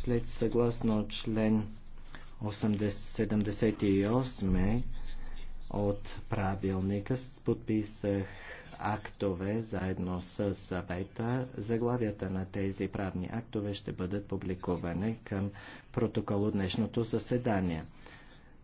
След съгласно член 78 от правилника подписах актове заедно с съвета. Заглавията на тези правни актове ще бъдат публикувани към протокол от днешното заседание.